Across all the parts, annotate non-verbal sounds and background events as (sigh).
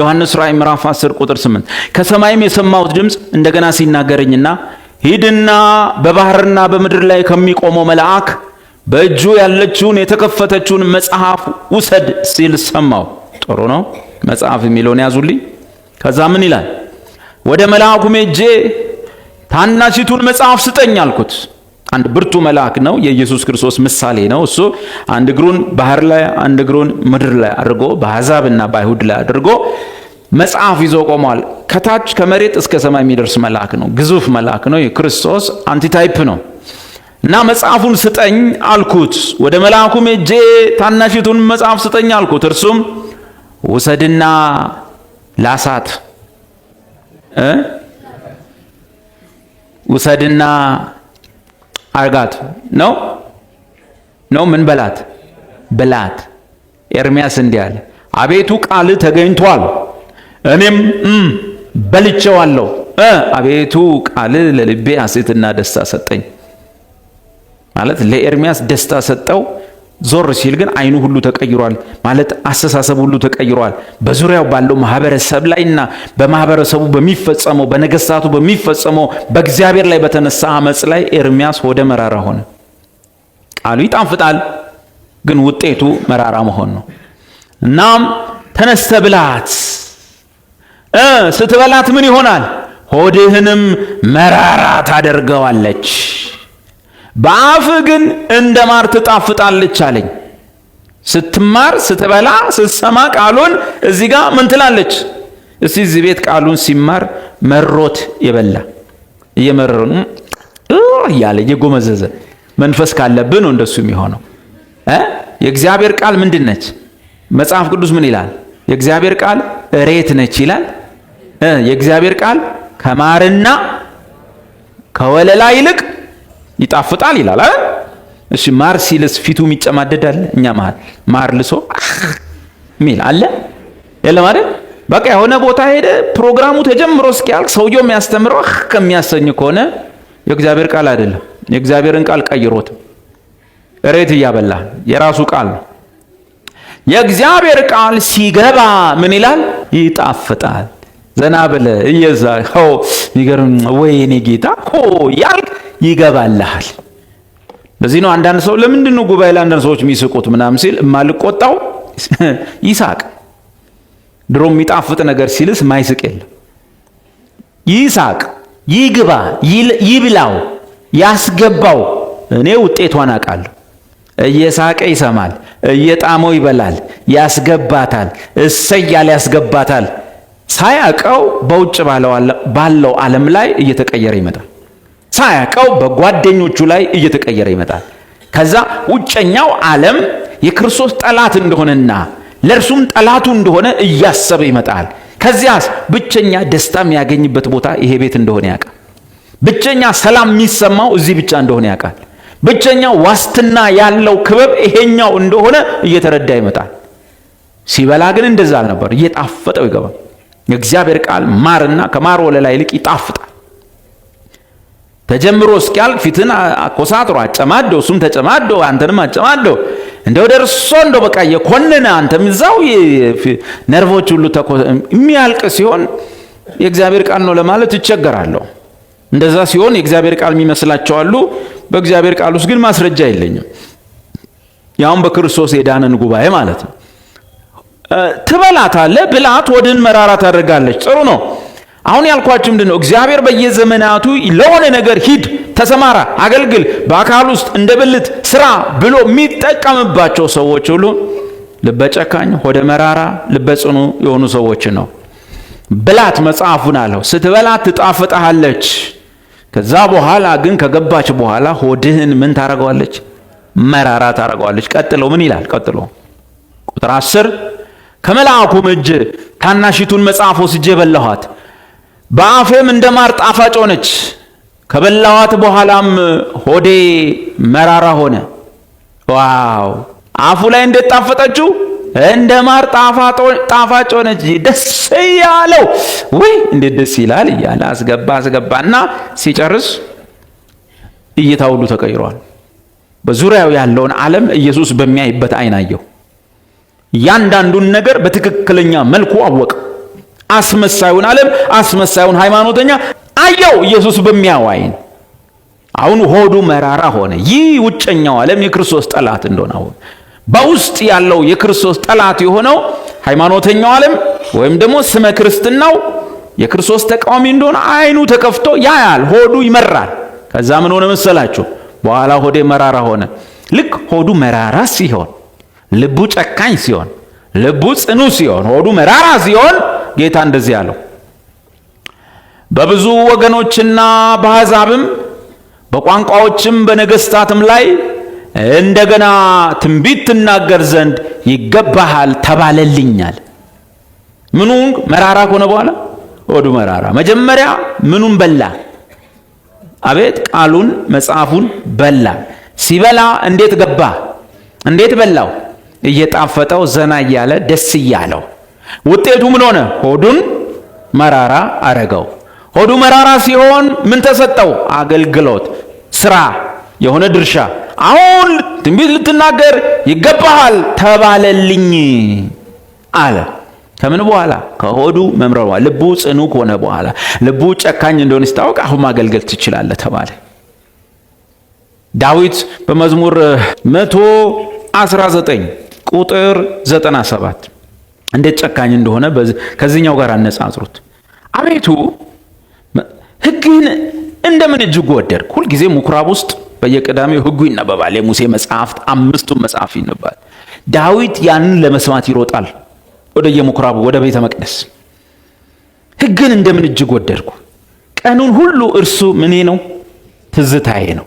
ዮሐንስ ራእይ ምዕራፍ 10 ቁጥር 8 ከሰማይም የሰማሁት ድምፅ እንደገና ሲናገረኝና ሂድና በባህርና በምድር ላይ ከሚቆመው መልአክ በእጁ ያለችውን የተከፈተችውን መጽሐፍ ውሰድ ሲል ሰማው። ጥሩ ነው። መጽሐፍ የሚለውን ያዙልኝ። ከዛ ምን ይላል? ወደ መልአኩም ሄጄ ታናሺቱን መጽሐፍ ስጠኝ አልኩት። አንድ ብርቱ መልአክ ነው። የኢየሱስ ክርስቶስ ምሳሌ ነው። እሱ አንድ እግሩን ባህር ላይ አንድ እግሩን ምድር ላይ አድርጎ በአሕዛብና በአይሁድ ላይ አድርጎ መጽሐፍ ይዞ ቆሟል። ከታች ከመሬት እስከ ሰማይ የሚደርስ መልአክ ነው። ግዙፍ መልአክ ነው። የክርስቶስ አንቲታይፕ ነው እና መጽሐፉን ስጠኝ አልኩት። ወደ መልአኩም ሄጄ ታናሽቱን መጽሐፍ ስጠኝ አልኩት። እርሱም ውሰድና ላሳት ውሰድና አርጋት ነው ነው ምን በላት በላት። ኤርሚያስ እንዲህ አለ፣ አቤቱ ቃል ተገኝቷል፣ እኔም በልቼዋለሁ። አቤቱ ቃል ለልቤ ሐሴትና ደስታ ሰጠኝ። ማለት ለኤርሚያስ ደስታ ሰጠው። ዞር ሲል ግን አይኑ ሁሉ ተቀይሯል ማለት አስተሳሰብ ሁሉ ተቀይሯል። በዙሪያው ባለው ማህበረሰብ ላይና በማህበረሰቡ በሚፈጸመው በነገስታቱ በሚፈጸመው በእግዚአብሔር ላይ በተነሳ አመፅ ላይ ኤርሚያስ ወደ መራራ ሆነ። ቃሉ ይጣንፍጣል፣ ግን ውጤቱ መራራ መሆን ነው። እናም ተነስተ ብላት እ ስትበላት ምን ይሆናል? ሆድህንም መራራ ታደርገዋለች። በአፍ ግን እንደ ማር ትጣፍጣለች አለኝ። ስትማር፣ ስትበላ፣ ስትሰማ ቃሉን እዚህ ጋር ምን ትላለች? እስቲ እዚህ ቤት ቃሉን ሲማር መሮት የበላ እየመረሩ እያለ እየጎመዘዘ መንፈስ ካለብን ነው እንደሱ የሚሆነው። የእግዚአብሔር ቃል ምንድን ነች? መጽሐፍ ቅዱስ ምን ይላል? የእግዚአብሔር ቃል እሬት ነች ይላል። የእግዚአብሔር ቃል ከማርና ከወለላ ይልቅ ይጣፍጣል ይላል አይደል? እሺ ማር ሲልስ ፊቱ የሚጨማደዳል። እኛ መሀል ማር ልሶ ሚል አለ የለም አይደል? በቃ የሆነ ቦታ ሄደ ፕሮግራሙ ተጀምሮ እስኪያልቅ ሰውየው የሚያስተምረው ከሚያሰኝ ከሆነ የእግዚአብሔር ቃል አይደለም። የእግዚአብሔርን ቃል ቀይሮት እሬት እያበላ የራሱ ቃል ነው። የእግዚአብሔር ቃል ሲገባ ምን ይላል? ይጣፍጣል። ዘና በለ እየዛ ሆ ይገርም ወይ እኔ ጌታ ሆ ያልክ ይገባልሃል። በዚህ ነው አንዳንድ ሰው ለምንድን ነው ጉባኤ ላይ አንዳንድ ሰዎች የሚስቁት ምናምን ሲል የማልቆጣው (laughs) ይሳቅ። ድሮ የሚጣፍጥ ነገር ሲልስ ማይስቅ የለም። ይሳቅ፣ ይግባ፣ ይብላው፣ ያስገባው። እኔ ውጤቷን አውቃለሁ። እየሳቀ ይሰማል፣ እየጣመው ይበላል፣ ያስገባታል። እሰያል ያስገባታል። ሳያውቀው በውጭ ባለው ዓለም ላይ እየተቀየረ ይመጣል። ሳያቀው በጓደኞቹ ላይ እየተቀየረ ይመጣል። ከዛ ውጨኛው ዓለም የክርስቶስ ጠላት እንደሆነና ለእርሱም ጠላቱ እንደሆነ እያሰበ ይመጣል። ከዚያስ ብቸኛ ደስታ የሚያገኝበት ቦታ ይሄ ቤት እንደሆነ ያውቃል። ብቸኛ ሰላም የሚሰማው እዚህ ብቻ እንደሆነ ያውቃል። ብቸኛ ዋስትና ያለው ክበብ ይሄኛው እንደሆነ እየተረዳ ይመጣል። ሲበላ ግን እንደዛ አልነበር፣ እየጣፈጠው ይገባል። የእግዚአብሔር ቃል ማርና ከማር ወለላ ይልቅ ይጣፍጣል። ተጀምሮ እስኪያልቅ ፊትን አኮሳጥሮ አጨማዶ እሱም ተጨማዶ አንተንም አጨማዶ እንደው ደርሶ እንደው በቃ የኮነነ አንተም እዛው ነርቮች ሁሉ የሚያልቅ ሲሆን የእግዚአብሔር ቃል ነው ለማለት ይቸገራለሁ። እንደዛ ሲሆን የእግዚአብሔር ቃል የሚመስላቸው አሉ። በእግዚአብሔር ቃል ውስጥ ግን ማስረጃ የለኝም። ያውም በክርስቶስ የዳነን ጉባኤ ማለት ነው። አለ ብላት ወድን መራራ ታደርጋለች። ጥሩ ነው። አሁን ያልኳችሁ ምንድን ነው? እግዚአብሔር በየዘመናቱ ለሆነ ነገር ሂድ፣ ተሰማራ፣ አገልግል፣ በአካል ውስጥ እንደ ብልት ስራ ብሎ የሚጠቀምባቸው ሰዎች ሁሉ ልበ ጨካኝ፣ ሆደ መራራ፣ ልበ ጽኑ የሆኑ ሰዎች ነው። ብላት መጽሐፉን አለው። ስትበላት ትጣፍጥሃለች። ከዛ በኋላ ግን ከገባች በኋላ ሆድህን ምን ታረገዋለች? መራራ ታረገዋለች። ቀጥሎ ምን ይላል? ቀጥሎ ቁጥር አስር ከመልአኩም እጅ ታናሺቱን መጽሐፍ ወስጄ በላኋት በአፌም እንደ ማር ጣፋጭ ሆነች፣ ከበላዋት በኋላም ሆዴ መራራ ሆነ። ዋው! አፉ ላይ እንዴት ጣፈጠችው! እንደ ማር ጣፋጭ ሆነች። ደስ እያለው ውይ እንዴት ደስ ይላል እያለ አስገባ አስገባ እና ሲጨርስ እይታ ሁሉ ተቀይሯል። በዙሪያው ያለውን ዓለም ኢየሱስ በሚያይበት አይን አየው። እያንዳንዱን ነገር በትክክለኛ መልኩ አወቀው። አስመሳዩን ዓለም አስመሳዩን ሃይማኖተኛ አየው ኢየሱስ በሚያው ዓይን። አሁን ሆዱ መራራ ሆነ። ይህ ውጨኛው ዓለም የክርስቶስ ጠላት እንደሆነ አሁን በውስጥ ያለው የክርስቶስ ጠላት የሆነው ሃይማኖተኛው ዓለም ወይም ደግሞ ስመ ክርስትናው የክርስቶስ ተቃዋሚ እንደሆነ አይኑ ተከፍቶ ያያል። ሆዱ ይመራል። ከዛ ምን ሆነ መሰላችሁ? በኋላ ሆዴ መራራ ሆነ። ልክ ሆዱ መራራ ሲሆን፣ ልቡ ጨካኝ ሲሆን፣ ልቡ ጽኑ ሲሆን፣ ሆዱ መራራ ሲሆን ጌታ እንደዚህ አለው፣ በብዙ ወገኖችና በአሕዛብም በቋንቋዎችም በነገሥታትም ላይ እንደገና ትንቢት ትናገር ዘንድ ይገባሃል ተባለልኛል። ምኑ መራራ ከሆነ በኋላ ወዱ መራራ። መጀመሪያ ምኑን በላ? አቤት ቃሉን መጽሐፉን በላ። ሲበላ እንዴት ገባ? እንዴት በላው? እየጣፈጠው ዘና እያለ ደስ እያለው ውጤቱ ምን ሆነ? ሆዱን መራራ አረገው። ሆዱ መራራ ሲሆን ምን ተሰጠው? አገልግሎት፣ ስራ፣ የሆነ ድርሻ። አሁን ትንቢት ልትናገር ይገባሃል ተባለልኝ አለ። ከምን በኋላ? ከሆዱ መምረሯ ልቡ ጽኑ ከሆነ በኋላ፣ ልቡ ጨካኝ እንደሆነ ሲታወቅ፣ አሁን ማገልገል ትችላለህ ተባለ። ዳዊት በመዝሙር 119 ቁጥር 97 እንዴት ጨካኝ እንደሆነ ከዚህኛው ጋር አነጻጽሩት። አቤቱ ሕግህን እንደምን እጅግ ወደድክ። ሁልጊዜ ምኩራብ ውስጥ በየቅዳሜው ሕጉ ይነበባል። የሙሴ መጽሐፍት አምስቱን መጽሐፍ ይነበባል። ዳዊት ያንን ለመስማት ይሮጣል ወደ የምኩራቡ ወደ ቤተ መቅደስ። ሕግን እንደምን እጅግ ወደድኩ። ቀኑን ሁሉ እርሱ ምኔ ነው ትዝታዬ ነው።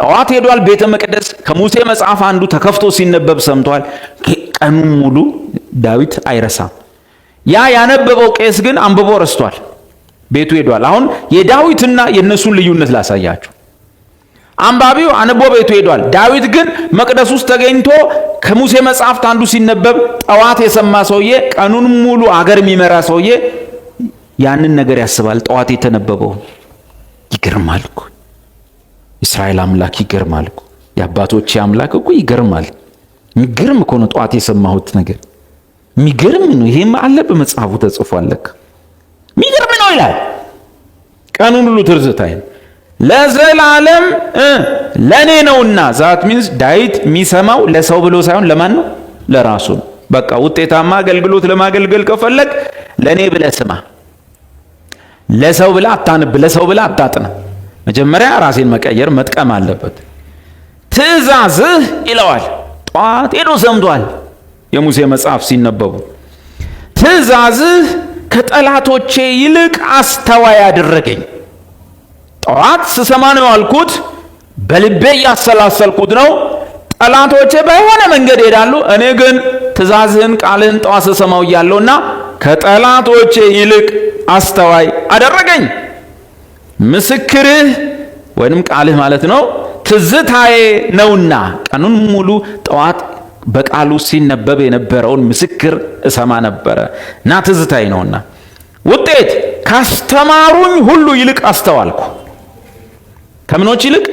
ጠዋት ሄዷል ቤተ መቅደስ ከሙሴ መጽሐፍ አንዱ ተከፍቶ ሲነበብ ሰምቷል። ቀኑን ሙሉ ዳዊት አይረሳም። ያ ያነበበው ቄስ ግን አንብቦ ረስቷል፣ ቤቱ ሄዷል። አሁን የዳዊትና የእነሱን ልዩነት ላሳያችሁ። አንባቢው አንቦ ቤቱ ሄዷል። ዳዊት ግን መቅደስ ውስጥ ተገኝቶ ከሙሴ መጽሐፍት አንዱ ሲነበብ ጠዋት የሰማ ሰውዬ፣ ቀኑን ሙሉ አገር የሚመራ ሰውዬ ያንን ነገር ያስባል። ጠዋት የተነበበው ይገርማል እኮ እስራኤል አምላክ ይገርማል እኮ የአባቶቼ አምላክ እኮ ይገርማል። ይገርም እኮ ነው ጠዋት የሰማሁት ነገር ሚገርም ነው። ይሄም አለ በመጽሐፉ ተጽፏል። ሚገርም ነው ይላል። ቀኑን ሁሉ ትርዝታ ለዘላለም ለእኔ ነውና ዛት ሚንስ ዳዊት የሚሰማው ለሰው ብሎ ሳይሆን ለማን ነው? ለራሱ ነው። በቃ ውጤታማ አገልግሎት ለማገልገል ከፈለግ ለእኔ ብለ ስማ። ለሰው ብለህ አታንብ፣ ለሰው ብለህ አታጥና። መጀመሪያ ራሴን መቀየር መጥቀም አለበት። ትእዛዝህ ይለዋል። ጠዋት ሄዶ ሰምቷል። የሙሴ መጽሐፍ ሲነበቡ ትእዛዝህ ከጠላቶቼ ይልቅ አስተዋይ አደረገኝ። ጠዋት ስሰማ ነው ያልኩት፣ በልቤ እያሰላሰልኩት ነው። ጠላቶቼ በሆነ መንገድ ይሄዳሉ፣ እኔ ግን ትእዛዝህን፣ ቃልህን ጠዋት ስሰማው ና ከጠላቶቼ ይልቅ አስተዋይ አደረገኝ። ምስክርህ ወይንም ቃልህ ማለት ነው ትዝታዬ ነውና ቀኑን ሙሉ ጠዋት በቃሉ ሲነበብ የነበረውን ምስክር እሰማ ነበረ እና ትዝታይ ነውና ውጤት ካስተማሩኝ ሁሉ ይልቅ አስተዋልኩ። ከምኖች ይልቅ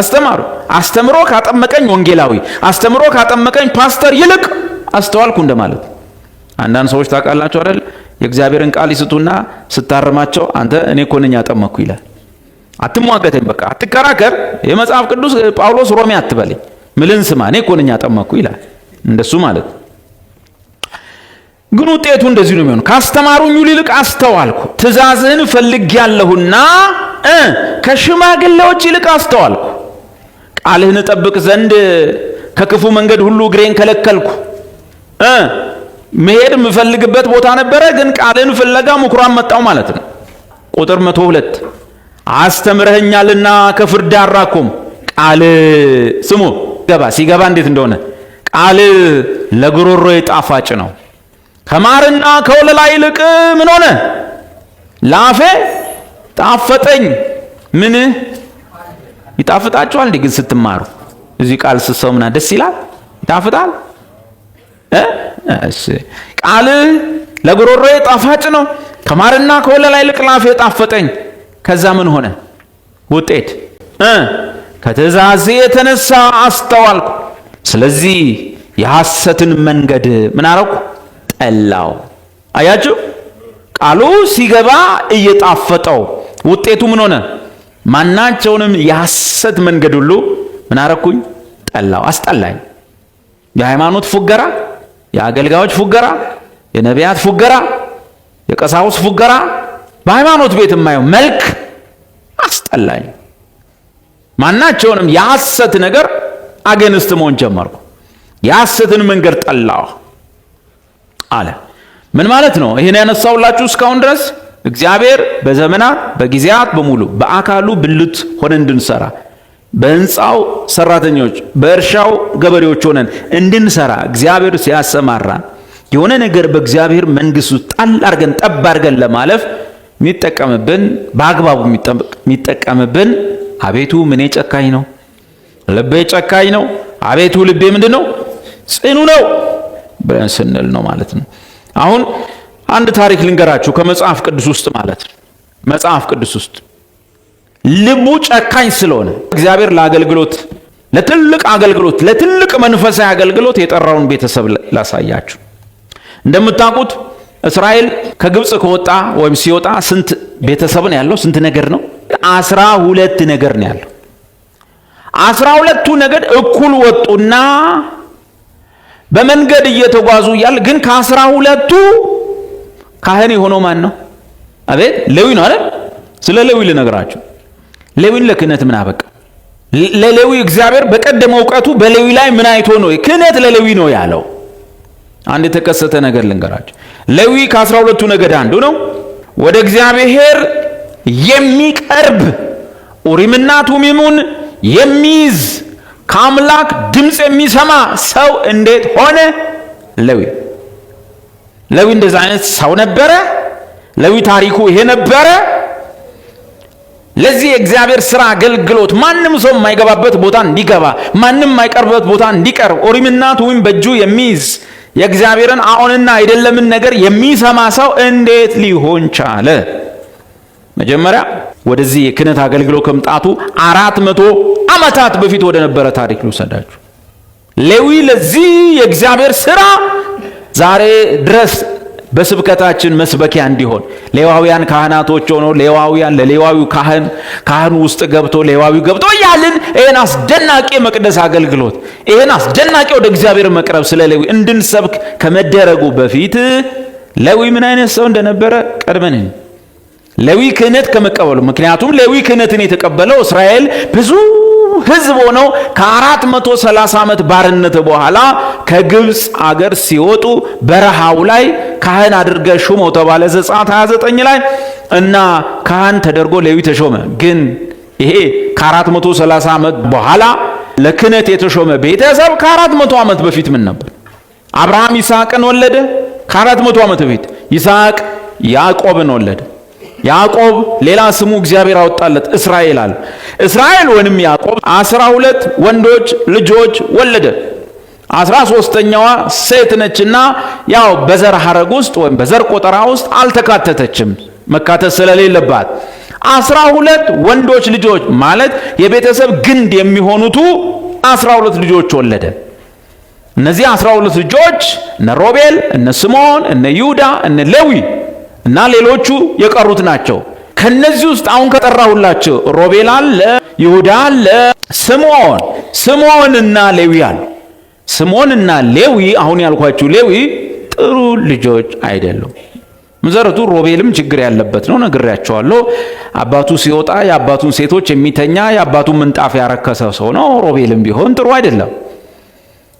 አስተማሩ። አስተምሮ ካጠመቀኝ ወንጌላዊ፣ አስተምሮ ካጠመቀኝ ፓስተር ይልቅ አስተዋልኩ እንደማለት። አንዳንድ ሰዎች ታውቃላቸው አይደል? የእግዚአብሔርን ቃል ይስጡና ስታርማቸው አንተ እኔ እኮ ነኝ ያጠመቅኩ ይላል። አትሟገተኝ፣ በቃ አትከራከር። የመጽሐፍ ቅዱስ ጳውሎስ ሮሜ አትበለኝ ምልን ስማ እኔ እኮ ነኝ አጠመኩ ይላል። እንደሱ ማለት ግን ውጤቱ እንደዚህ ነው የሚሆነው። ካስተማሩኝ ሁሉ ይልቅ አስተዋልኩ፣ ትእዛዝህን ያለሁና ከሽማግሌዎች ይልቅ አስተዋልኩ። ቃልህን እጠብቅ ዘንድ ከክፉ መንገድ ሁሉ እግሬን ከለከልኩ። መሄድ የምፈልግበት ቦታ ነበረ፣ ግን ቃልህን ፍለጋ ምኩራብ መጣው ማለት ነው። ቁጥር መቶ ሁለት አስተምረህኛልና ከፍርድ አራኩም ቃል ስሙ ገባ። ሲገባ እንዴት እንደሆነ ቃል ለጉሮሮ ጣፋጭ ነው ከማርና ከወለላ ይልቅ ምን ሆነ? ላፌ ጣፈጠኝ። ምን ይጣፍጣችኋል? እንዴ ግን ስትማሩ እዚህ ቃል ስሰው ምና ደስ ይላል? ይጣፍጣል። እሺ ቃል ለጉሮሮ ጣፋጭ ነው ከማርና ከወለላ ይልቅ ላፌ ጣፈጠኝ። ከዛ ምን ሆነ ውጤት ከትእዛዜ የተነሳ አስተዋልኩ። ስለዚህ የሐሰትን መንገድ ምን አረኩ? ጠላው። አያችሁ፣ ቃሉ ሲገባ እየጣፈጠው ውጤቱ ምን ሆነ? ማናቸውንም የሐሰት መንገድ ሁሉ ምን አረኩኝ? ጠላው፣ አስጠላኝ። የሃይማኖት ፉገራ፣ የአገልጋዮች ፉገራ፣ የነቢያት ፉገራ፣ የቀሳውስ ፉገራ፣ በሃይማኖት ቤት የማየው መልክ አስጠላኝ። ማናቸውንም የሐሰት ነገር አገንስት መሆን ጀመርኩ። የሐሰትን መንገድ ጠላሁ አለ። ምን ማለት ነው? ይህን ያነሳውላችሁ እስካሁን ድረስ እግዚአብሔር በዘመናት በጊዜያት በሙሉ በአካሉ ብልት ሆነን እንድንሰራ በህንፃው ሰራተኞች፣ በእርሻው ገበሬዎች ሆነን እንድንሰራ እግዚአብሔር ሲያሰማራ የሆነ ነገር በእግዚአብሔር መንግስት ውስጥ ጣል አድርገን ጠብ አድርገን ለማለፍ የሚጠቀምብን በአግባቡ የሚጠቀምብን አቤቱ ምኔ ጨካኝ ነው፣ ልቤ ጨካኝ ነው። አቤቱ ልቤ ምንድን ነው? ጽኑ ነው ብለን ስንል ነው ማለት ነው። አሁን አንድ ታሪክ ልንገራችሁ ከመጽሐፍ ቅዱስ ውስጥ ማለት ነው። መጽሐፍ ቅዱስ ውስጥ ልቡ ጨካኝ ስለሆነ እግዚአብሔር ለአገልግሎት ለትልቅ አገልግሎት ለትልቅ መንፈሳዊ አገልግሎት የጠራውን ቤተሰብ ላሳያችሁ። እንደምታውቁት እስራኤል ከግብፅ ከወጣ ወይም ሲወጣ ስንት ቤተሰብ ነው ያለው? ስንት ነገር ነው አስራ ሁለት ነገር ነው ያለው። አስራ ሁለቱ ነገድ እኩል ወጡና በመንገድ እየተጓዙ እያለ ግን ከአስራ ሁለቱ ካህን የሆነው ማን ነው? አቤት ሌዊ ነው አይደል? ስለ ሌዊ ልነግራቸው። ሌዊን ለክህነት ምን አበቃ? ለሌዊ እግዚአብሔር በቀደመ እውቀቱ በሌዊ ላይ ምን አይቶ ነው ክህነት ለሌዊ ነው ያለው? አንድ የተከሰተ ነገር ልንገራቸው። ሌዊ ከአስራ ሁለቱ ነገድ አንዱ ነው። ወደ እግዚአብሔር የሚቀርብ ኡሪምና ቱሚሙን የሚይዝ ከአምላክ ድምፅ የሚሰማ ሰው እንዴት ሆነ? ለዊ ለዊ እንደዚህ አይነት ሰው ነበረ። ለዊ ታሪኩ ይሄ ነበረ። ለዚህ የእግዚአብሔር ስራ አገልግሎት ማንም ሰው የማይገባበት ቦታ እንዲገባ፣ ማንም የማይቀርበት ቦታ እንዲቀርብ፣ ኦሪምና ቱሚም በእጁ የሚይዝ የእግዚአብሔርን አዎንና አይደለምን ነገር የሚሰማ ሰው እንዴት ሊሆን ቻለ? መጀመሪያ ወደዚህ የክህነት አገልግሎት ከመምጣቱ አራት መቶ ዓመታት በፊት ወደ ነበረ ታሪክ ልውሰዳችሁ። ሌዊ ለዚህ የእግዚአብሔር ስራ ዛሬ ድረስ በስብከታችን መስበኪያ እንዲሆን ሌዋውያን ካህናቶች ሆኖ ሌዋውያን ለሌዋዊው ካህን ካህኑ ውስጥ ገብቶ ሌዋዊው ገብቶ እያልን ይህን አስደናቂ መቅደስ አገልግሎት ይህን አስደናቂ ወደ እግዚአብሔር መቅረብ ስለ ሌዊ እንድንሰብክ ከመደረጉ በፊት ሌዊ ምን አይነት ሰው እንደነበረ ቀድመን ሌዊ ክህነት ከመቀበሉ ምክንያቱም ሌዊ ክህነትን የተቀበለው እስራኤል ብዙ ሕዝብ ሆነው ከ430 ዓመት ባርነት በኋላ ከግብፅ አገር ሲወጡ በረሃው ላይ ካህን አድርገ ሹመው ተባለ። ዘጸአት 29 ላይ እና ካህን ተደርጎ ሌዊ ተሾመ። ግን ይሄ ከ430 ዓመት በኋላ ለክህነት የተሾመ ቤተሰብ ከ400 ዓመት በፊት ምን ነበር? አብርሃም ይስሐቅን ወለደ። ከ400 ዓመት በፊት ይስሐቅ ያዕቆብን ወለደ። ያዕቆብ ሌላ ስሙ እግዚአብሔር አወጣለት እስራኤል አለ። እስራኤል ወይንም ያዕቆብ አስራ ሁለት ወንዶች ልጆች ወለደ። አስራ ሶስተኛዋ ሴት ነችና ያው በዘር ሐረግ ውስጥ ወይም በዘር ቆጠራ ውስጥ አልተካተተችም መካተት ስለሌለባት አስራ ሁለት ወንዶች ልጆች ማለት የቤተሰብ ግንድ የሚሆኑቱ አስራ ሁለት ልጆች ወለደ። እነዚህ አስራ ሁለት ልጆች እነ ሮቤል፣ እነ ስምዖን፣ እነ ይሁዳ፣ እነ ሌዊ እና ሌሎቹ የቀሩት ናቸው። ከነዚህ ውስጥ አሁን ከጠራሁላቸው ሮቤል አለ፣ ይሁዳ አለ፣ ስምዖን ስምዖንና ሌዊ አሉ። ስምዖንና ሌዊ አሁን ያልኳችሁ ሌዊ ጥሩ ልጆች አይደሉም። መሰረቱ ሮቤልም ችግር ያለበት ነው፣ ነግሬያቸዋለሁ። አባቱ ሲወጣ የአባቱን ሴቶች የሚተኛ የአባቱን ምንጣፍ ያረከሰ ሰው ነው። ሮቤልም ቢሆን ጥሩ አይደለም።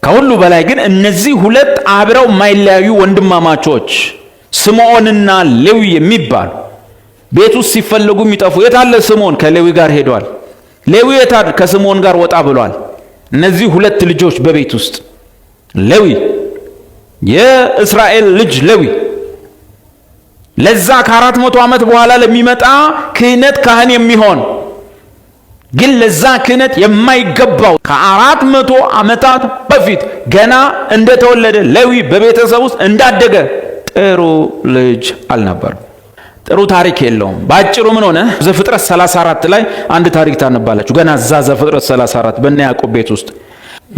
ከሁሉ በላይ ግን እነዚህ ሁለት አብረው የማይለያዩ ወንድማማቾች ስምዖንና ሌዊ የሚባሉ ቤት ውስጥ ሲፈለጉ የሚጠፉ የታለ? ስምዖን ከሌዊ ጋር ሄዷል። ሌዊ የታል? ከስምዖን ጋር ወጣ ብሏል። እነዚህ ሁለት ልጆች በቤት ውስጥ ሌዊ የእስራኤል ልጅ ሌዊ ለዛ ከአራት መቶ ዓመት በኋላ ለሚመጣ ክህነት ካህን የሚሆን ግን ለዛ ክህነት የማይገባው ከአራት መቶ ዓመታት በፊት ገና እንደተወለደ ሌዊ በቤተሰብ ውስጥ እንዳደገ ጥሩ ልጅ አልነበረም። ጥሩ ታሪክ የለውም። በአጭሩ ምን ሆነ? ዘፍጥረት 34 ላይ አንድ ታሪክ ታነባላችሁ። ገና እዛ ዘፍጥረት 34 በእነ ያዕቆብ ቤት ውስጥ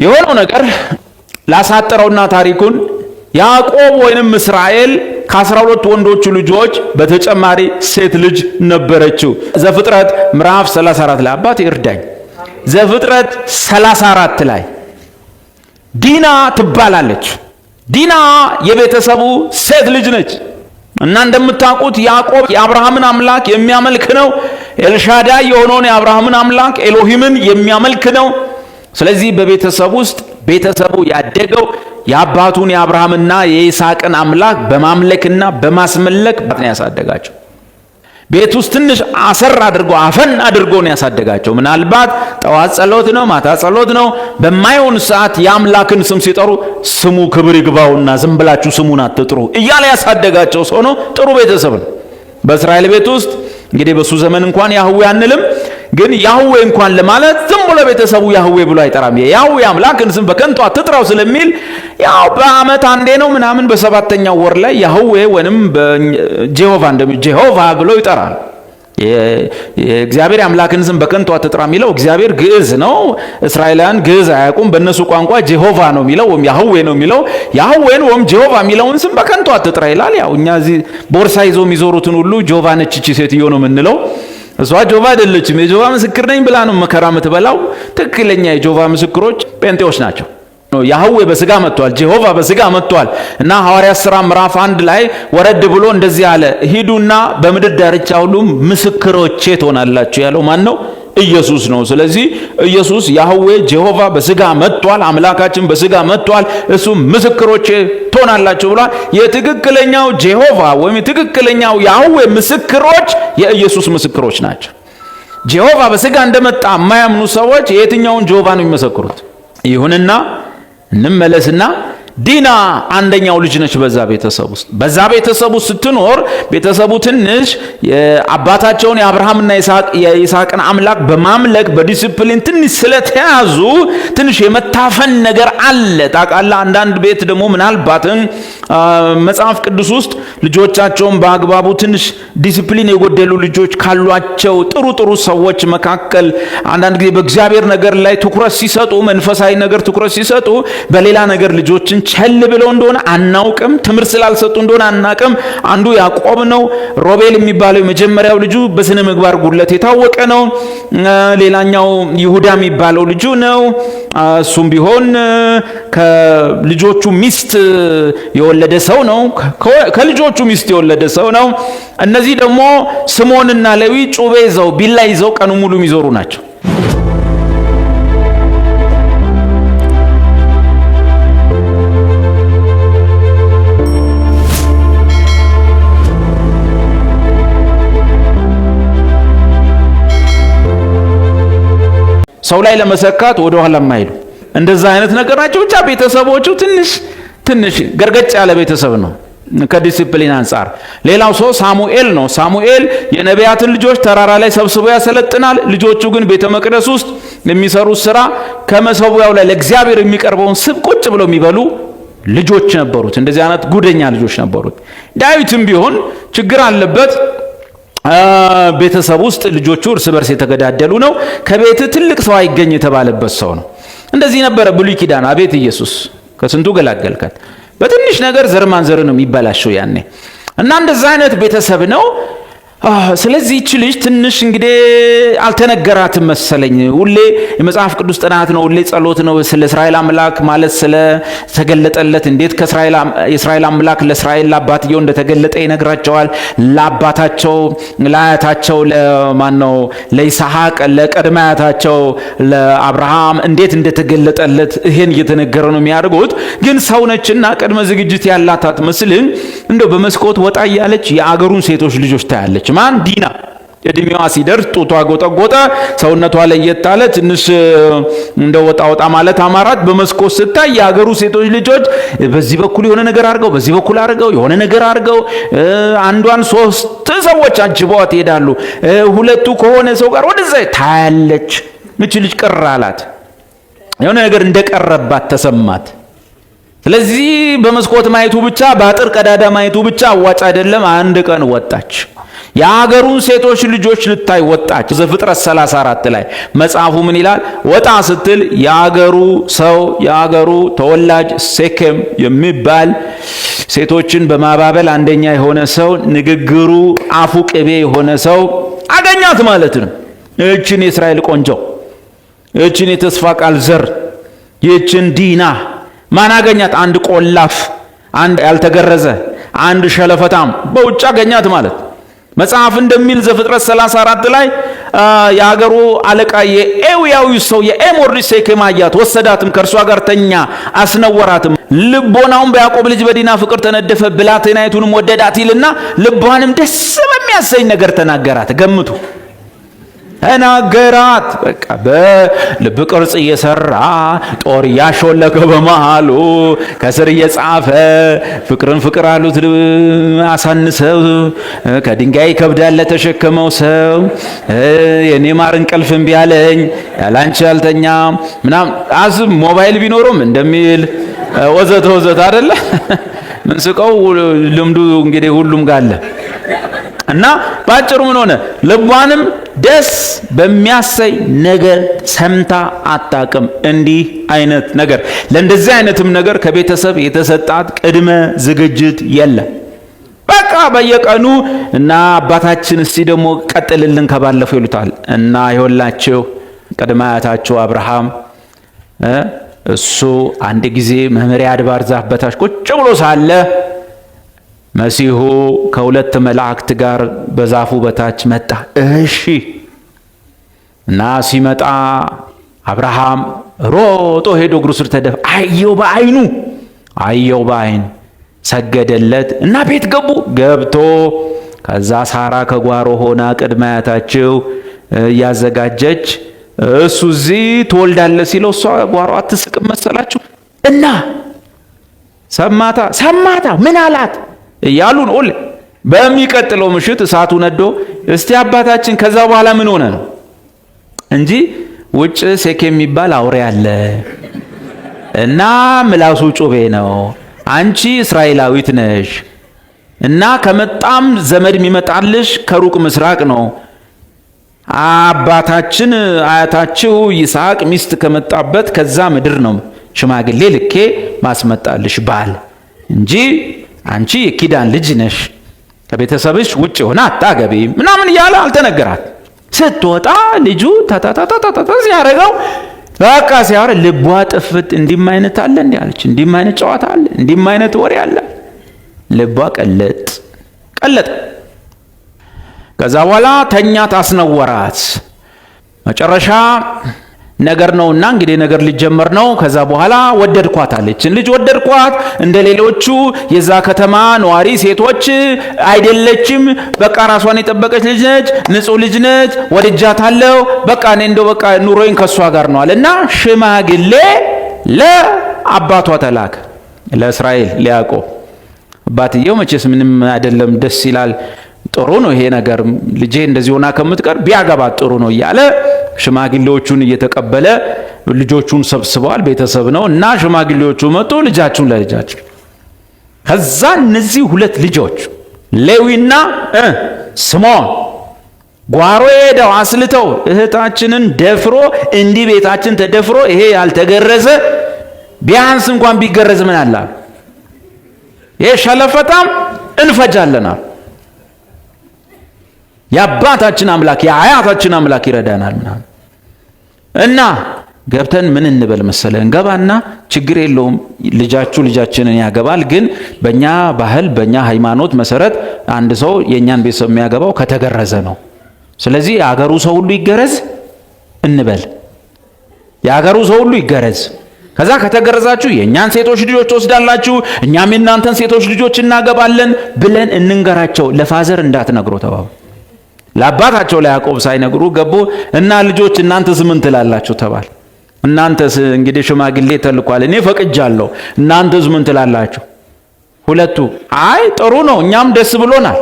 የሆነው ነገር ላሳጠረውና ታሪኩን ያዕቆብ ወይንም እስራኤል ከአስራ ሁለት ወንዶቹ ልጆች በተጨማሪ ሴት ልጅ ነበረችው። ዘፍጥረት ምዕራፍ 34 ላይ አባት ይርዳኝ። ዘፍጥረት 34 ላይ ዲና ትባላለች። ዲና የቤተሰቡ ሴት ልጅ ነች እና እንደምታውቁት ያዕቆብ የአብርሃምን አምላክ የሚያመልክ ነው። ኤልሻዳይ የሆነውን የአብርሃምን አምላክ ኤሎሂምን የሚያመልክ ነው። ስለዚህ በቤተሰብ ውስጥ ቤተሰቡ ያደገው የአባቱን የአብርሃምና የይስሐቅን አምላክ በማምለክና በማስመለክ ነው ያሳደጋቸው። ቤት ውስጥ ትንሽ አሰር አድርጎ አፈን አድርጎ ነው ያሳደጋቸው። ምናልባት ጠዋት ጸሎት ነው፣ ማታ ጸሎት ነው። በማይሆን ሰዓት የአምላክን ስም ሲጠሩ ስሙ ክብር ይግባውና ዝም ብላችሁ ስሙን አትጥሩ እያለ ያሳደጋቸው ሰው ነው። ጥሩ ቤተሰብ ነው። በእስራኤል ቤት ውስጥ እንግዲህ በሱ ዘመን እንኳን ያህዌ አንልም ግን ያህዌ እንኳን ለማለት ዝም ብሎ ቤተሰቡ ያህዌ ብሎ አይጠራም። ያህዌ አምላክን ስም በከንቱ አትጥራው ስለሚል ያው በዓመት አንዴ ነው ምናምን በሰባተኛው ወር ላይ ያህዌ ወይንም ጄሆቫ እንደሚ ጄሆቫ ብሎ ይጠራል። የእግዚአብሔር አምላክን ስም በከንቱ አትጥራ የሚለው እግዚአብሔር ግዕዝ ነው። እስራኤላውያን ግዕዝ አያውቁም። በእነሱ ቋንቋ ጄሆቫ ነው የሚለው ወይም ያህዌ ነው የሚለው ያህዌን ወይም ጄሆቫ የሚለውን ስም በከንቱ አትጥራ ይላል። ያው እኛ እዚህ ቦርሳ ይዞ የሚዞሩትን ሁሉ ጆቫ ነች እቺ ሴትዮ ነው የምንለው። እሷ ጆቫ አይደለችም። የጆቫ ምስክር ነኝ ብላ ነው መከራ የምትበላው። ትክክለኛ የጆቫ ምስክሮች ጴንጤዎች ናቸው። ያህዌ በስጋ መጥቷል፣ ጄሆቫ በስጋ መጥቷል እና ሐዋርያ ሥራ ምዕራፍ አንድ ላይ ወረድ ብሎ እንደዚህ አለ፣ ሂዱና በምድር ዳርቻ ሁሉ ምስክሮቼ ትሆናላችሁ ያለው ማን ነው? ኢየሱስ ነው። ስለዚህ ኢየሱስ ያህዌ ጀሆቫ በስጋ መጥቷል፣ አምላካችን በስጋ መጥቷል፣ እሱ ምስክሮቼ ትሆናላችሁ ብሏል። የትክክለኛው ጄሆቫ ወይም የትክክለኛው ያህዌ ምስክሮች የኢየሱስ ምስክሮች ናቸው። ጀሆቫ በስጋ እንደመጣ የማያምኑ ሰዎች የትኛውን ጀሆቫ ነው የሚመሰክሩት? ይሁንና እንመለስና ዲና አንደኛው ልጅ ነች። በዛ ቤተሰብ ውስጥ በዛ ቤተሰብ ውስጥ ስትኖር ቤተሰቡ ትንሽ አባታቸውን የአብርሃምና የይስሐቅን አምላክ በማምለክ በዲስፕሊን ትንሽ ስለተያዙ ትንሽ የመታፈን ነገር አለ። ታውቃለህ፣ አንዳንድ ቤት ደግሞ ምናልባትም መጽሐፍ ቅዱስ ውስጥ ልጆቻቸውን በአግባቡ ትንሽ ዲስፕሊን የጎደሉ ልጆች ካሏቸው ጥሩ ጥሩ ሰዎች መካከል አንዳንድ ጊዜ በእግዚአብሔር ነገር ላይ ትኩረት ሲሰጡ፣ መንፈሳዊ ነገር ትኩረት ሲሰጡ በሌላ ነገር ልጆችን ቸል ብለው እንደሆነ አናውቅም። ትምህርት ስላልሰጡ እንደሆነ አናቅም። አንዱ ያዕቆብ ነው። ሮቤል የሚባለው የመጀመሪያው ልጁ በስነ ምግባር ጉለት የታወቀ ነው። ሌላኛው ይሁዳ የሚባለው ልጁ ነው። እሱም ቢሆን ከልጆቹ ሚስት የወለደ ሰው ነው። ከልጆቹ ሚስት የወለደ ሰው ነው። እነዚህ ደግሞ ስምዖንና ሌዊ ጩቤ ይዘው ቢላ ይዘው ቀኑ ሙሉ የሚዞሩ ናቸው። ሰው ላይ ለመሰካት ወደ ኋላ የማይሉ እንደዛ አይነት ነገር ናቸው። ብቻ ቤተሰቦቹ ትንሽ ትንሽ ገርገጭ ያለ ቤተሰብ ነው ከዲሲፕሊን አንጻር። ሌላው ሰው ሳሙኤል ነው። ሳሙኤል የነቢያትን ልጆች ተራራ ላይ ሰብስቦ ያሰለጥናል። ልጆቹ ግን ቤተ መቅደስ ውስጥ የሚሰሩት ስራ ከመሰዊያው ላይ ለእግዚአብሔር የሚቀርበውን ስብ ቁጭ ብለው የሚበሉ ልጆች ነበሩት። እንደዚህ አይነት ጉደኛ ልጆች ነበሩት። ዳዊትም ቢሆን ችግር አለበት። ቤተሰብ ውስጥ ልጆቹ እርስ በርስ የተገዳደሉ ነው። ከቤት ትልቅ ሰው አይገኝ የተባለበት ሰው ነው። እንደዚህ ነበረ ብሉይ ኪዳን። አቤት ኢየሱስ ከስንቱ ገላገልከን። በትንሽ ነገር ዘር ነው የሚበላሸው ያኔ እና እንደዛ አይነት ቤተሰብ ነው ስለዚህ ይቺ ልጅ ትንሽ እንግዲህ አልተነገራትም መሰለኝ። ሁሌ የመጽሐፍ ቅዱስ ጥናት ነው፣ ሁሌ ጸሎት ነው። ስለ እስራኤል አምላክ ማለት ስለተገለጠለት እንዴት የእስራኤል አምላክ ለእስራኤል ለአባትየው እንደተገለጠ ይነግራቸዋል። ለአባታቸው ለአያታቸው ለማን ነው ለይስሐቅ ለቀድመ አያታቸው ለአብርሃም እንዴት እንደተገለጠለት ይሄን እየተነገረ ነው የሚያደርጉት። ግን ሰውነችና ቅድመ ዝግጅት ያላት አትመስልም። እንደው በመስኮት ወጣ እያለች የአገሩን ሴቶች ልጆች ታያለች። ማን ዲና እድሜዋ ሲደርስ ጡቷ ጎጠጎጠ፣ ሰውነቷ ለየት አለ። ትንሽ እንደ ወጣ ወጣ ማለት አማራት። በመስኮት ስታይ የሀገሩ ሴቶች ልጆች በዚህ በኩል የሆነ ነገር አድርገው፣ በዚህ በኩል አድርገው የሆነ ነገር አድርገው አንዷን ሶስት ሰዎች አጅበዋ ትሄዳሉ። ሁለቱ ከሆነ ሰው ጋር ወደዛ ታያለች። ምች ልጅ ቅር አላት። የሆነ ነገር እንደቀረባት ተሰማት። ስለዚህ በመስኮት ማየቱ ብቻ፣ በአጥር ቀዳዳ ማየቱ ብቻ አዋጭ አይደለም። አንድ ቀን ወጣች። የአገሩን ሴቶች ልጆች ልታይ ወጣች። ዘፍጥረት 34 ላይ መጽሐፉ ምን ይላል? ወጣ ስትል የአገሩ ሰው የአገሩ ተወላጅ ሴኬም የሚባል ሴቶችን በማባበል አንደኛ የሆነ ሰው ንግግሩ አፉ ቅቤ የሆነ ሰው አገኛት ማለት ነው። ይህችን የእስራኤል ቆንጆ፣ ይህችን የተስፋ ቃል ዘር፣ ይህችን ዲና ማን አገኛት? አንድ ቆላፍ፣ አንድ ያልተገረዘ፣ አንድ ሸለፈታም በውጭ አገኛት ማለት መጽሐፍ እንደሚል ዘፍጥረት 34 ላይ የአገሩ አለቃ የኤዊያዊ ሰው የኤሞሪ ሴኬም አያት፣ ወሰዳትም፣ ከእርሷ ጋር ተኛ፣ አስነወራትም። ልቦናውን በያዕቆብ ልጅ በዲና ፍቅር ተነደፈ፣ ብላቴናይቱንም ወደዳት ይልና ልቧንም ደስ በሚያሰኝ ነገር ተናገራት። ገምቱ። ተናገራት። በቃ በልብ ቅርጽ እየሰራ ጦር እያሾለከ በመሃሉ ከስር እየጻፈ ፍቅርን ፍቅር አሉት አሳንሰው። ከድንጋይ ከብዳለ ተሸከመው ሰው የኔ ማር እንቅልፍ እምቢ አለኝ ያላንቺ አልተኛ ምናም አስብ ሞባይል ቢኖሩም እንደሚል ወዘተ ወዘተ አደለ (laughs) ምን ስቀው ልምዱ እንግዲህ ሁሉም ጋለ እና በአጭሩ ምን ሆነ? ልቧንም ደስ በሚያሰኝ ነገር ሰምታ አታቅም። እንዲህ አይነት ነገር ለእንደዚህ አይነትም ነገር ከቤተሰብ የተሰጣት ቅድመ ዝግጅት የለም። በቃ በየቀኑ እና አባታችን እስቲ ደግሞ ቀጥልልን ከባለፈው ይሉታል እና የወላቸው ቅድመ አያታችሁ አብርሃም እሱ አንድ ጊዜ መምሪያ አድባር ዛፍ በታች ቁጭ ብሎ ሳለ መሲሁ ከሁለት መላእክት ጋር በዛፉ በታች መጣ። እሺ እና ሲመጣ አብርሃም ሮጦ ሄዶ እግሩ ስር አየው በአይኑ አየው በአይን ሰገደለት እና ቤት ገቡ። ገብቶ ከዛ ሳራ ከጓሮ ሆና ቅድመ አያታቸው እያዘጋጀች እሱ እዚህ ትወልዳለ ሲለው እሷ ጓሮ አትስቅም መሰላችሁ? እና ሰማታ ሰማታ ምን አላት? እያሉ ነው። በሚቀጥለው ምሽት እሳቱ ነዶ እስቲ አባታችን ከዛ በኋላ ምን ሆነ ነው እንጂ ውጭ ሴክ የሚባል አውሬ አለ እና ምላሱ ጩቤ ነው። አንቺ እስራኤላዊት ነሽ እና ከመጣም ዘመድ የሚመጣልሽ ከሩቅ ምስራቅ ነው። አባታችን አያታችሁ ይስሐቅ ሚስት ከመጣበት ከዛ ምድር ነው ሽማግሌ ልኬ ማስመጣልሽ ባል እንጂ አንቺ የኪዳን ልጅ ነሽ ከቤተሰብሽ ውጭ የሆነ አታገቢ ምናምን እያለ አልተነገራት። ስትወጣ ልጁ ታታታታታ ሲያደርገው በቃ ሲያወራ ልቧ ጥፍት። እንዲም አይነት አለ እንዲ አለች፣ እንዲም አይነት ጨዋታ አለ፣ እንዲም አይነት ወሬ አለ። ልቧ ቀለጥ ቀለጠ። ከዛ በኋላ ተኛ፣ ታስነወራት መጨረሻ ነገር ነውና እንግዲህ ነገር ሊጀመር ነው። ከዛ በኋላ ወደድኳት አለችን ልጅ ወደድኳት። እንደ ሌሎቹ የዛ ከተማ ነዋሪ ሴቶች አይደለችም። በቃ ራሷን የጠበቀች ልጅ ነች፣ ንጹህ ልጅ ነች፣ ወድጃታለሁ። በቃ እኔ እንደው በቃ ኑሮዬን ከሷ ጋር ነው አለና ሽማግሌ ለአባቷ ተላከ፣ ለእስራኤል ለያዕቆብ። አባትየው መቼስ ምንም አይደለም፣ ደስ ይላል ጥሩ ነው ይሄ ነገር ልጄ እንደዚህ ሆና ከምትቀር ቢያገባት ጥሩ ነው እያለ ሽማግሌዎቹን እየተቀበለ ልጆቹን ሰብስበዋል። ቤተሰብ ነው እና ሽማግሌዎቹ መጡ። ልጃችሁን ለልጃችሁ ከዛ እነዚህ ሁለት ልጆች ሌዊና ስምዖን ጓሮ ሄደው አስልተው እህታችንን ደፍሮ እንዲህ ቤታችን ተደፍሮ ይሄ ያልተገረዘ ቢያንስ እንኳን ቢገረዝ ምን አላል ይሄ ሸለፈታም እንፈጃለናል የአባታችን አምላክ የአያታችን አምላክ ይረዳናል ምናምን እና ገብተን ምን እንበል መሰለ እንገባና ችግር የለውም ልጃችሁ ልጃችንን ያገባል። ግን በእኛ ባህል በእኛ ሃይማኖት መሰረት አንድ ሰው የእኛን ቤተሰብ የሚያገባው ከተገረዘ ነው። ስለዚህ የአገሩ ሰው ሁሉ ይገረዝ እንበል። የአገሩ ሰው ሁሉ ይገረዝ። ከዛ ከተገረዛችሁ የእኛን ሴቶች ልጆች ትወስዳላችሁ፣ እኛም የእናንተን ሴቶች ልጆች እናገባለን ብለን እንንገራቸው። ለፋዘር እንዳትነግሮ ተባቡ ለአባታቸው ለያዕቆብ ሳይነግሩ ገቡ እና ልጆች እናንተስ ምን ትላላችሁ ተባል። እናንተስ እንግዲህ ሽማግሌ ተልኳል፣ እኔ ፈቅጃለሁ፣ እናንተስ ምን ትላላችሁ? ሁለቱ አይ ጥሩ ነው፣ እኛም ደስ ብሎናል፣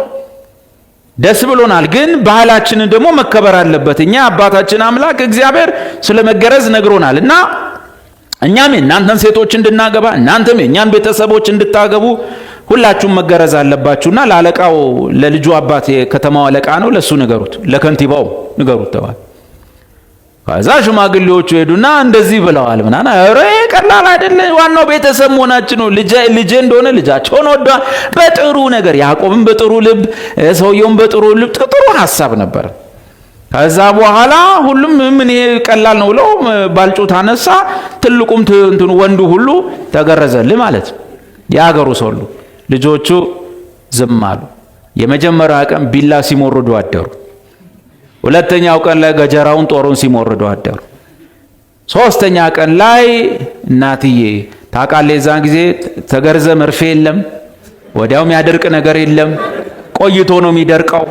ደስ ብሎናል፣ ግን ባህላችንን ደግሞ መከበር አለበት። እኛ አባታችን አምላክ እግዚአብሔር ስለ መገረዝ ነግሮናል እና እኛም የእናንተን ሴቶች እንድናገባ እናንተም የእኛን ቤተሰቦች እንድታገቡ ሁላችሁም መገረዝ አለባችሁና ለአለቃው ለልጁ አባት የከተማው አለቃ ነው፣ ለሱ ንገሩት፣ ለከንቲባው ንገሩት ተባለ። ከዛ ሽማግሌዎቹ ሄዱና እንደዚህ ብለዋል ምናምን። ኧረ ቀላል አይደለ፣ ዋናው ቤተሰብ መሆናችን ነው። ልጄ እንደሆነ ልጃቸውን ወዷል። በጥሩ ነገር ያዕቆብን በጥሩ ልብ፣ ሰውየውን በጥሩ ልብ፣ ጥሩ ሀሳብ ነበር። ከዛ በኋላ ሁሉም ምን ይሄ ቀላል ነው ብለው ባልጩ አነሳ። ትልቁም እንትኑ ወንዱ ሁሉ ተገረዘልህ ማለት የአገሩ ሰው ሁሉ ልጆቹ ዝም አሉ። የመጀመሪያ ቀን ቢላ ሲሞርዱ አደሩ። ሁለተኛው ቀን ላይ ገጀራውን ጦሩን ሲሞርዱ አደሩ። ሶስተኛ ቀን ላይ እናትዬ ታውቃለህ፣ የዛን ጊዜ ተገርዘ መርፌ የለም፣ ወዲያው የሚያደርቅ ነገር የለም፣ ቆይቶ ነው የሚደርቀው።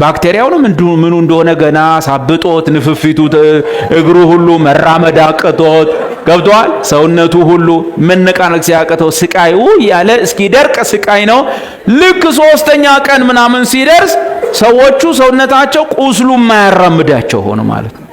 ባክቴሪያውንም ምኑ እንደሆነ ገና ሳብጦት ንፍፊቱ እግሩ ሁሉ መራመድ አቅቶት ገብቷል። ሰውነቱ ሁሉ መነቃነቅ ሲያቅተው ስቃይ ያለ እስኪደርቅ ስቃይ ነው። ልክ ሶስተኛ ቀን ምናምን ሲደርስ ሰዎቹ ሰውነታቸው ቁስሉ የማያራምዳቸው ሆነ ማለት ነው።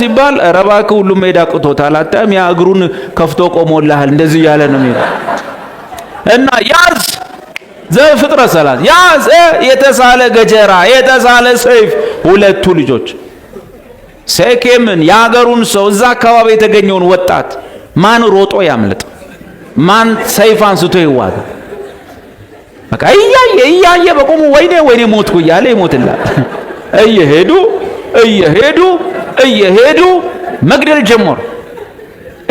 ሲባል ረባክ ሁሉም ሜዳ አቅቶታል። አታም ያ እግሩን ከፍቶ ቆሞልሃል። እንደዚህ እያለ ነው የሚሄድ እና ያዝ ዘፍጥረት ሰላት ያዝ የተሳለ ገጀራ የተሳለ ሰይፍ ሁለቱ ልጆች ሴኬምን የአገሩን ሰው እዛ አካባቢ የተገኘውን ወጣት ማን ሮጦ ያምልጥ? ማን ሰይፍ አንስቶ ይዋጋ? በቃ እያየ እያየ በቆሙ ወይኔ ወይኔ ሞትኩ እያለ ይሞትላል (laughs) እየሄዱ እየሄዱ እየሄዱ መግደል ጀመሩ።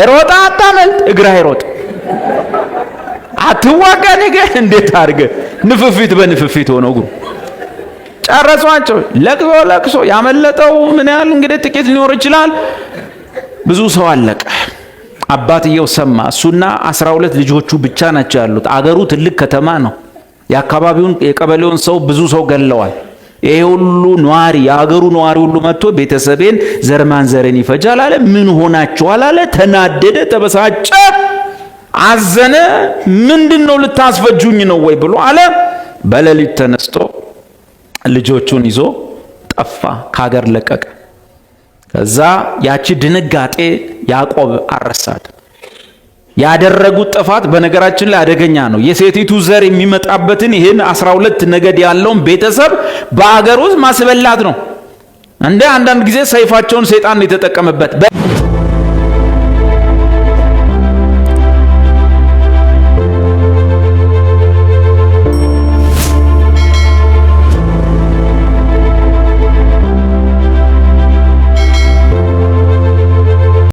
ሮጣ አታመልጥ፣ እግር አይሮጥ፣ አትዋጋ። ነገ እንዴት አድርገ ንፍፊት በንፍፊት ሆነ እግሩ ጨረሷቸው። ለቅሶ ለቅሶ። ያመለጠው ምን ያህል እንግዲህ ጥቂት ሊኖር ይችላል። ብዙ ሰው አለቀ። አባትየው ሰማ። እሱና አስራ ሁለት ልጆቹ ብቻ ናቸው ያሉት። አገሩ ትልቅ ከተማ ነው። የአካባቢውን የቀበሌውን ሰው ብዙ ሰው ገለዋል። ይሄ ሁሉ ነዋሪ የአገሩ ነዋሪ ሁሉ መጥቶ ቤተሰቤን ዘርማን ማንዘርን ይፈጃል አለ። ምን ሆናችኋል አለ። ተናደደ፣ ተበሳጨ፣ አዘነ። ምንድን ነው ልታስፈጁኝ ነው ወይ ብሎ አለ። በሌሊት ተነስቶ ልጆቹን ይዞ ጠፋ፣ ከሀገር ለቀቀ። ከዛ ያቺ ድንጋጤ ያዕቆብ አረሳት። ያደረጉት ጥፋት በነገራችን ላይ አደገኛ ነው። የሴቲቱ ዘር የሚመጣበትን ይህን 12 ነገድ ያለውን ቤተሰብ በአገር ውስጥ ማስበላት ነው። እንደ አንዳንድ ጊዜ ሰይፋቸውን ሰይጣን ነው የተጠቀመበት።